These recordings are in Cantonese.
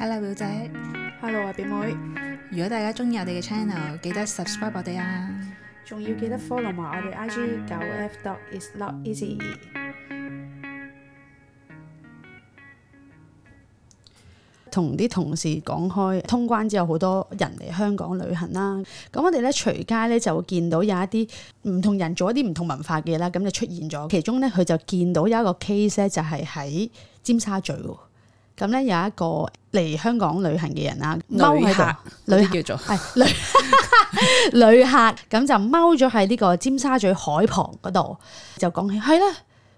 Hello 表姐 Hello 啊表妹。如果大家中意我哋嘅 channel，記得 subscribe 我哋啊。仲要記得 follow 埋我哋 IG 九 F dot is not easy。同啲同事講開，通關之後好多人嚟香港旅行啦。咁我哋咧隨街咧就會見到有一啲唔同人做一啲唔同文化嘅嘢啦。咁就出現咗，其中咧佢就見到有一個 case 咧就係喺尖沙咀。咁咧有一個嚟香港旅行嘅人啊，踎喺度，旅客，客叫做 客，係旅旅客咁就踎咗喺呢個尖沙咀海旁嗰度，就講起係啦，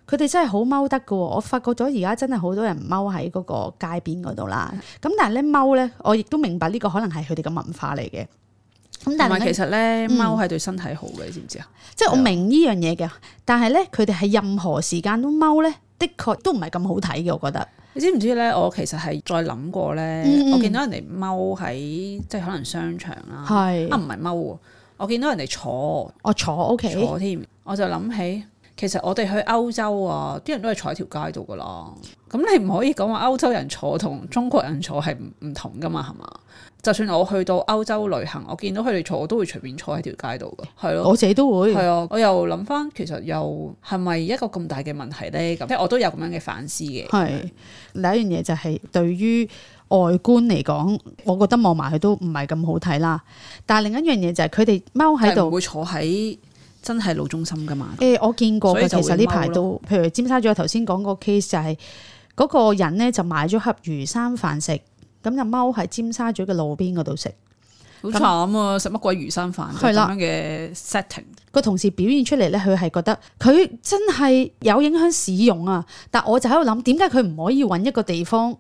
佢哋真係好踎得嘅，我發覺咗而家真係好多人踎喺嗰個街邊嗰度啦。咁的但係咧踎咧，我亦都明白呢個可能係佢哋嘅文化嚟嘅。咁但係其實咧，踎係、嗯、對身體好嘅，你知唔知啊？即係我明呢樣嘢嘅，但係咧佢哋係任何時間都踎咧，的確都唔係咁好睇嘅，我覺得。你知唔知咧？我其實係再諗過咧，我見到人哋踎喺，即係可能商場啦，啊唔係踎喎，我見到人哋坐，我坐 O K 坐添，我就諗起。其實我哋去歐洲啊，啲人都係坐喺條街度噶啦。咁你唔可以講話歐洲人坐同中國人坐係唔唔同噶嘛，係嘛？就算我去到歐洲旅行，我見到佢哋坐，我都會隨便坐喺條街度噶。係咯，我自己都會。係啊，我又諗翻，其實又係咪一個咁大嘅問題呢？咁即係我都有咁樣嘅反思嘅。係，另一樣嘢就係對於外觀嚟講，我覺得望埋去都唔係咁好睇啦。但係另一樣嘢就係佢哋踎喺度，會坐喺。真係路中心噶嘛？誒、欸，我見過嘅其實呢排都，了譬如尖沙咀，我頭先講個 case 就係、是、嗰個人咧就買咗盒魚生飯食，咁就踎喺尖沙咀嘅路邊嗰度食，好慘啊！食乜鬼魚生飯？係啦的，嘅 setting，個同事表現出嚟咧，佢係覺得佢真係有影響市容啊！但我就喺度諗，點解佢唔可以揾一個地方？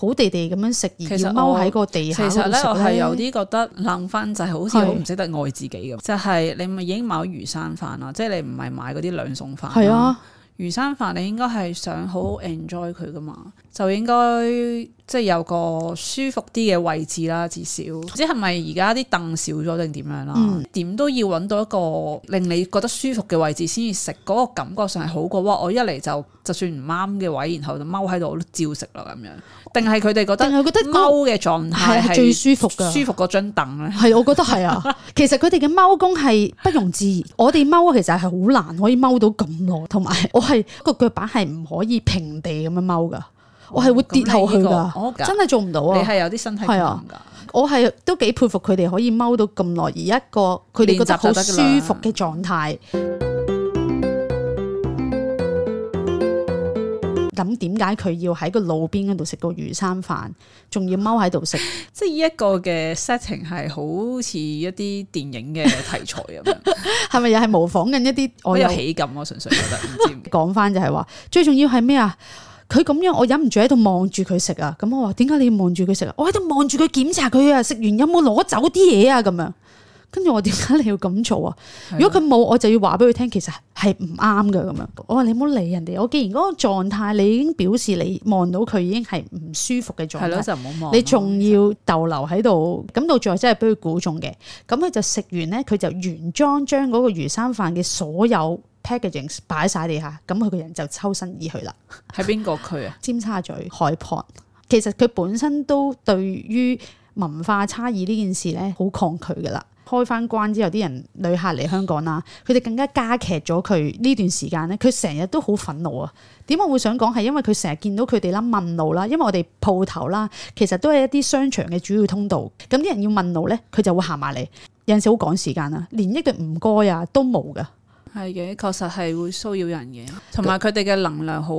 好地地咁樣食，要踎喺個地下食咧。其實咧，我係有啲覺得諗翻就係好似好唔識得愛自己咁。就係你咪已經買魚生飯啦，即係你唔係買嗰啲兩餸飯。係啊，魚生飯你應該係想好好 enjoy 佢噶嘛，就應該。即係有個舒服啲嘅位置啦，至少,是是是少。或者係咪而家啲凳少咗定點樣啦？點都要揾到一個令你覺得舒服嘅位置先，至食嗰個感覺上係好過哇！我一嚟就就算唔啱嘅位，然後就踎喺度，我都照食啦咁樣。定係佢哋覺得？定係覺得踎嘅狀態係最舒服嘅。嗯、舒服嗰張凳咧，係我覺得係啊。 其實佢哋嘅踎功係不容置疑。 我哋踎其實係好難可以踎到咁耐，同埋我係個腳板係唔可以平地咁樣踎噶。我係會跌落去㗎，哦、真係做唔到啊！你係有啲身體唔啊。我係都幾佩服佢哋可以踎到咁耐，而一個佢哋覺得好舒服嘅狀態。咁點解佢要喺個路邊嗰度食個魚生飯，仲要踎喺度食？即係呢一個嘅 setting 係好似一啲電影嘅題材咁樣，係咪又係模仿緊一啲，我有喜感，我純粹覺得唔知。講翻就係、是、話，最重要係咩啊？佢咁樣，我忍唔住喺度望住佢食啊！咁我話：點解你要望住佢食啊？我喺度望住佢檢查佢啊！食完有冇攞走啲嘢啊？咁樣跟住我點解你要咁做啊？如果佢冇，我就要話俾佢聽，其實係唔啱嘅咁樣。我話你唔好理人哋，我既然嗰個狀態，你已經表示你望到佢已經係唔舒服嘅狀態，就唔好望，你仲要逗留喺度，咁到最後真係俾佢估中嘅。咁佢就食完咧，佢就原裝將嗰個魚生飯嘅所有。packaging 擺曬地下，咁佢個人就抽身而去啦。喺邊個區啊？尖沙咀海旁。其實佢本身都對於文化差異呢件事咧，好抗拒噶啦。開翻關之後，啲人旅客嚟香港啦，佢哋更加加劇咗佢呢段時間咧。佢成日都好憤怒啊。點解我會想講？係因為佢成日見到佢哋啦問路啦，因為我哋鋪頭啦，其實都係一啲商場嘅主要通道。咁啲人要問路咧，佢就會行埋嚟。有陣時好趕時間啊，連一句唔該啊都冇噶。係嘅，確實係會騷擾人嘅，同埋佢哋嘅能量好，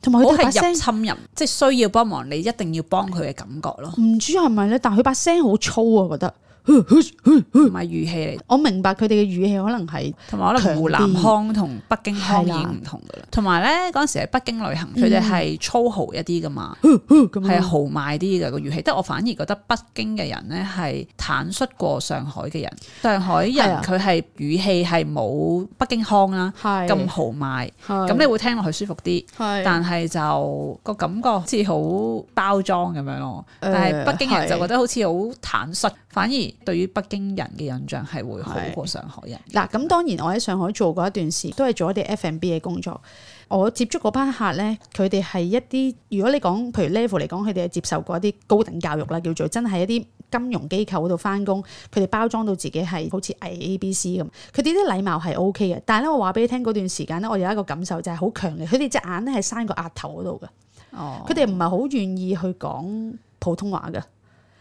同埋佢都係入侵人，即係需要幫忙，你一定要幫佢嘅感覺咯。唔知係咪咧？但係佢把聲好粗啊，我覺得。唔係語氣嚟，我明白佢哋嘅語氣可能係，同埋可能湖南腔同北京腔已經唔同噶啦。同埋咧，嗰陣時喺北京旅行，佢哋係粗豪一啲噶嘛，係、嗯、豪邁啲嘅個語氣。但係我反而覺得北京嘅人咧係坦率過上海嘅人。上的海人佢係語氣係冇北京腔啦，咁的豪邁。咁的你會聽落去舒服啲，的但係就個感覺好似好包裝咁樣咯。呃、但係北京人就覺得好似好坦率。反而對於北京人嘅印象係會好過上海人。嗱，咁當然我喺上海做過一段時，都係做一啲 F&B 嘅工作。我接觸嗰班客咧，佢哋係一啲，如果你講譬如 level 嚟講，佢哋係接受過一啲高等教育啦，叫做真係一啲金融機構嗰度翻工。佢哋包裝到自己係好似偽 A B C 咁。佢哋啲禮貌係 O K 嘅，但係咧我話俾你聽，嗰段時間咧，我有一個感受就係好強烈，佢哋隻眼咧係生個額頭嗰度嘅，佢哋唔係好願意去講普通話嘅。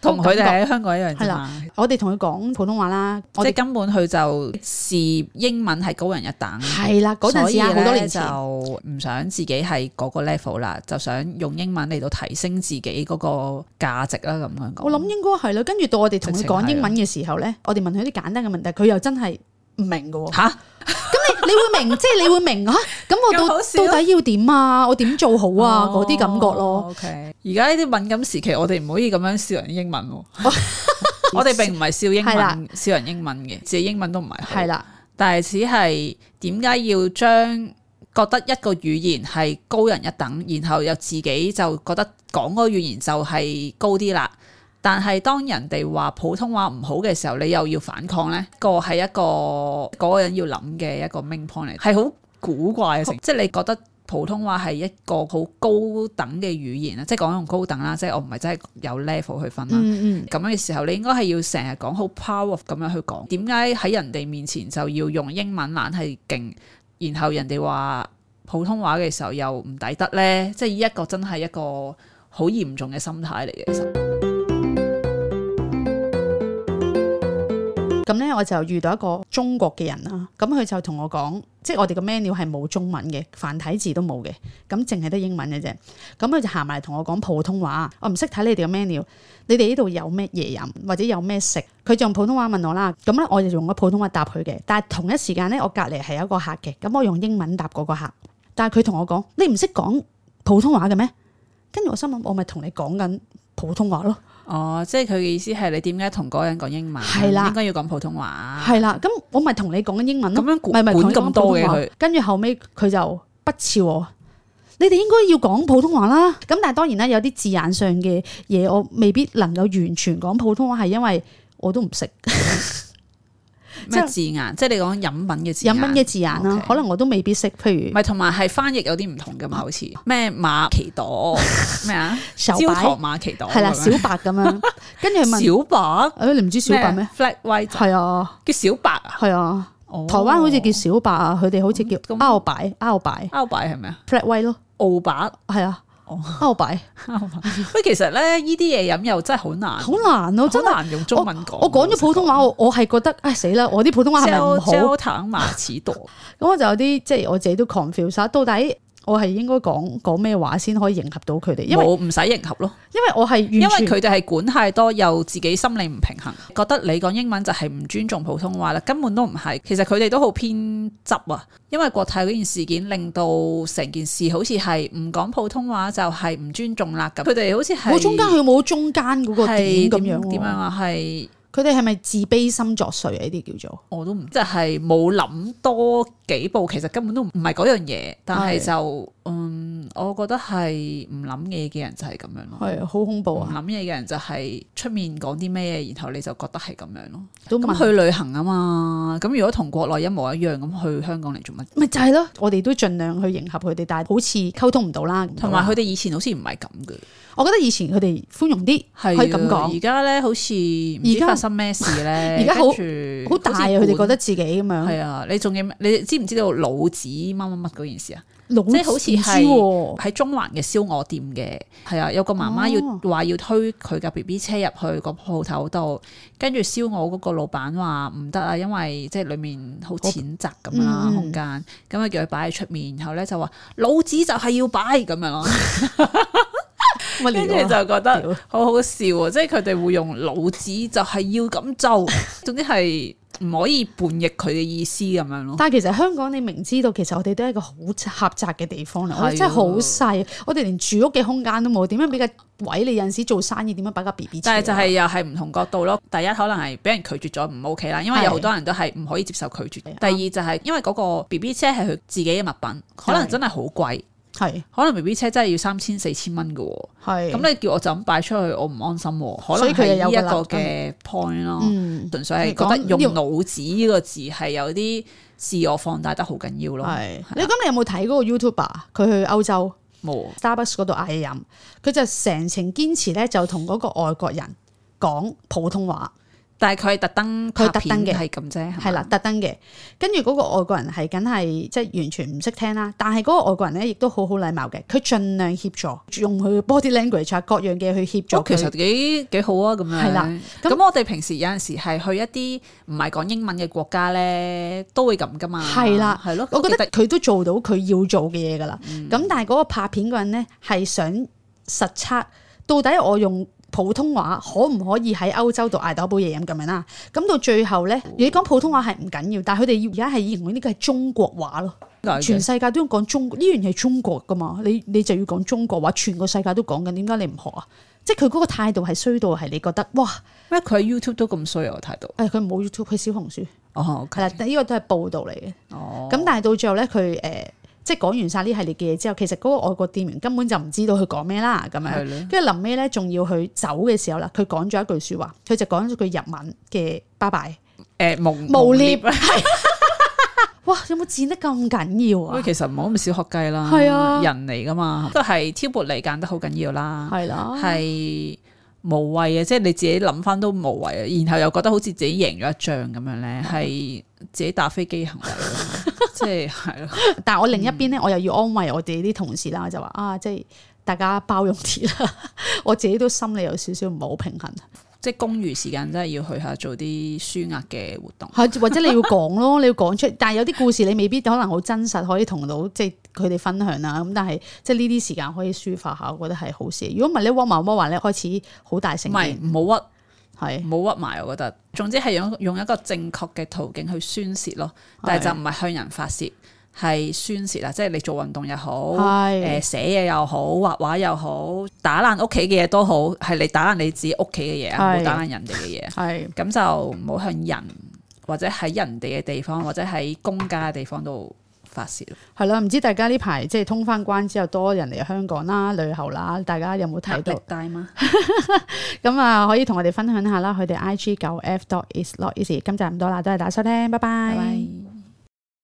同佢哋喺香港一樣啫嘛，係啦，我哋同佢講普通話啦，即係根本佢就視英文係高人一等。係啦，嗰陣時啊，好多年前就唔想自己係嗰個 level 啦，就想用英文嚟到提升自己嗰個價值啦。咁樣講，我諗應該係啦。跟住到我哋同佢講英文嘅時候咧，係係我哋問佢啲簡單嘅問題，佢又真係唔明嘅喎。哈 你會明， 即係你會明啊！咁我到,到底要點啊？我點做好啊？嗰啲、哦、感覺咯。okay。而家呢啲敏感時期，我哋唔可以咁樣笑人英文。 我哋並唔係笑英文，啦笑人英文嘅自己英文都唔係好。係啦，但係只係點解要將覺得一個語言係高人一等，然後又自己就覺得講嗰個語言就係高啲啦？但係，當人哋話普通話唔好嘅時候，你又要反抗呢？個係一個嗰個人要諗嘅一個 main point 嚟，係好古怪嘅情況。即係你覺得普通話係一個好高等嘅語言啊，即係講用高等啦，即係我唔係真係有 level 去分啦。咁、嗯嗯、樣嘅時候，你應該係要成日講好 power 咁樣去講。點解喺人哋面前就要用英文懶係勁，然後人哋話普通話嘅時候又唔抵得呢？即係呢一個真係一個好嚴重嘅心態嚟嘅。咁咧，我就遇到一個中國嘅人啦。咁佢就同我講，即係我哋個 menu 係冇中文嘅，繁體字都冇嘅，咁淨係得英文嘅啫。咁佢就行埋同我講普通話，我唔識睇你哋嘅 menu，你哋呢度有咩嘢飲或者有咩食，佢就用普通話問我啦。咁咧，我就用個普通話答佢嘅。但係同一時間咧，我隔離係有一個客嘅，咁我用英文答嗰個客。但係佢同我講：你唔識講普通話嘅咩？跟住我心諗：我咪同你講緊。普通話咯。哦，即係佢嘅意思係你點解同嗰人講英文？係啦的，應該要講普通話。係啦，咁我咪同你講緊英文咯。咁樣管不不話管咁多嘅，跟住後尾，佢就不似我，你哋應該要講普通話啦。咁但係當然啦，有啲字眼上嘅嘢，我未必能夠完全講普通話，係因為我都唔識。 咩字眼？即係你講飲品嘅字眼。飲品嘅字眼啦，可能我都未必識。譬如，唔係同埋係翻譯有啲唔同嘅嘛，好似咩馬奇朵咩啊？小白馬奇朵係啦，小白咁樣。跟住問小白，你唔知小白咩？Flat white 係啊，叫小白啊，係啊，台灣好似叫小白啊，佢哋好似叫歐擺歐擺歐擺係咪啊？Flat white 咯，澳白係啊。後擺，喂，其實咧，依啲嘢飲又真係好難，好 難咯，啊，真係好難用中文講。我講咗普通話，我我係覺得，唉、哎，死啦，我啲普通話係咪好？好坦，馬齒度。咁我就有啲，即係我自己都 confuse 啦，到底。我係應該講講咩話先可以迎合到佢哋？我唔使迎合咯，因為我係因為佢哋係管太多又自己心理唔平衡，覺得你講英文就係唔尊重普通話啦，根本都唔係。其實佢哋都好偏執啊，因為國泰嗰件事件令到成件事好似係唔講普通話就係、是、唔尊重啦咁。佢哋好似我中間佢冇中間嗰、嗰個點樣點樣啊？係、啊。佢哋係咪自卑心作祟啊？呢啲叫做我都唔，即係冇諗多幾步，其實根本都唔係嗰樣嘢。但係就的嗯，我覺得係唔諗嘢嘅人就係咁樣咯。係啊，好恐怖啊！諗嘢嘅人就係出面講啲咩，然後你就覺得係咁樣咯。咁問去旅行啊嘛，咁如果同國內一模一樣咁去香港嚟做乜？咪就係咯，我哋都盡量去迎合佢哋，但係好似溝通唔到啦。同埋佢哋以前好似唔係咁嘅。我覺得以前佢哋寬容啲，的可以咁講。而家咧好似唔知發生咩事咧？而家好好大啊！佢哋覺得自己咁樣。係啊，你仲要你知唔知道老子乜乜乜嗰件事啊？即係好似係喺中環嘅燒鵝店嘅，係啊，有個媽媽要話要推佢嘅 BB 車入去個鋪頭度，跟住、哦、燒鵝嗰個老闆話唔得啊，因為即係裡面好淺窄咁啦空間，咁啊、嗯、叫佢擺喺出面，然後咧就話老子就係要擺咁樣咯。 跟住就覺得好好笑喎、哦！哦、即係佢哋會用腦子，就係要咁做， 總之係唔可以叛逆佢嘅意思咁樣咯。但係其實香港，你明知道其實我哋都係一個好狹窄嘅地方啦、哦啊，我哋真係好細，我哋連住屋嘅空間都冇，點樣俾個位你有陣時做生意？點樣擺個 B B 車？但係就係又係唔同角度咯。第一可能係俾人拒絕咗唔 OK 啦，因為有好多人都係唔可以接受拒絕。的第二就係因為嗰個 B B 車係佢自己嘅物品，對可能真係好貴。係，是可能 B B 車真係要三千四千蚊㗎喎，係是，咁你叫我就咁擺出去，我唔安心、哦。所以佢有一個嘅 point 咯，純、嗯、粹係覺得用腦子呢個字係有啲自我放大得好緊要咯。係是，是你咁你有冇睇嗰個 YouTuber？佢去歐洲，冇 Starbucks 嗰度嗌嘢飲，佢就成程堅持咧，就同嗰個外國人講普通話。但係佢係特登，佢特登嘅係咁啫，係啦，特登嘅。跟住嗰個外國人係，梗係即係完全唔識聽啦。但係嗰個外國人咧，亦都好好禮貌嘅，佢盡量協助，用佢 body language 啊，各樣嘢去協助。其實幾幾好啊，咁樣係啦。咁我哋平時有陣時係去一啲唔係講英文嘅國家咧，都會咁噶嘛。係啦的，係咯的。我覺得佢都做到佢要做嘅嘢噶啦。咁、嗯、但係嗰個拍片嘅人咧，係想實測到底我用。普通話可唔可以喺歐洲度嗌多杯嘢飲咁樣啦？咁到最後咧，哦、如果你講普通話係唔緊要，但係佢哋而家係認為呢個係中國話咯的。全世界都要講中，呢樣嘢係中國噶嘛？你你就要講中國話，全個世界都講緊，點解你唔學啊？即係佢嗰個態度係衰到係你覺得哇？咩佢喺 YouTube 都咁衰啊態度？誒佢冇 YouTube，佢小紅書。哦，係、okay，啦，但呢個都係報道嚟嘅。哦，咁但係到最後咧，佢誒。呃即係講完晒呢系列嘅嘢之後，其實嗰個外國店員根本就唔知道佢講咩啦，咁樣。跟住臨尾咧，仲要去走嘅時候啦，佢講咗一句說話，佢就講咗句日文嘅拜拜。誒、呃，無無獵係。哇，有冇剪得咁緊要啊？喂，其實唔好咁小學雞啦，係啊，人嚟噶嘛，都係挑撥離間得好緊要啦，係啦，係無謂啊，即係你自己諗翻都無謂啊，然後又覺得好似自己贏咗一仗咁樣咧，係自己搭飛機行為。 即係，但係我另一邊咧，嗯、我又要安慰我哋啲同事啦，我就話啊，即係大家包容啲啦。 我自己都心理有少少唔好平衡，即係公餘時間真係要去下做啲舒壓嘅活動，或者你要講咯， 你要講出。但係有啲故事你未必可能好真實，可以同到即係佢哋分享啦。咁但係即係呢啲時間可以抒發下，我覺得係好事。如果唔係你屈埋屈埋咧，開始好大聲唔係，唔好屈。係，冇屈埋，我覺得。總之係用用一個正確嘅途徑去宣泄咯，但係就唔係向人發泄，係宣泄啊！即係你做運動又好，誒是、呃、寫嘢又好，畫畫又好，打爛屋企嘅嘢都好，係你打爛你自己屋企嘅嘢，唔好是打爛人哋嘅嘢。係是，咁就唔好向人，或者喺人哋嘅地方，或者喺公家嘅地方度，發洩咯，係啦，唔知大家呢排即係通翻關之後，多人嚟香港啦、旅遊啦，大家有冇睇到？咁啊， 可以同我哋分享下啦。佢哋 IG 九 F is not easy。今集咁多啦，多謝大家收聽，拜拜。Bye bye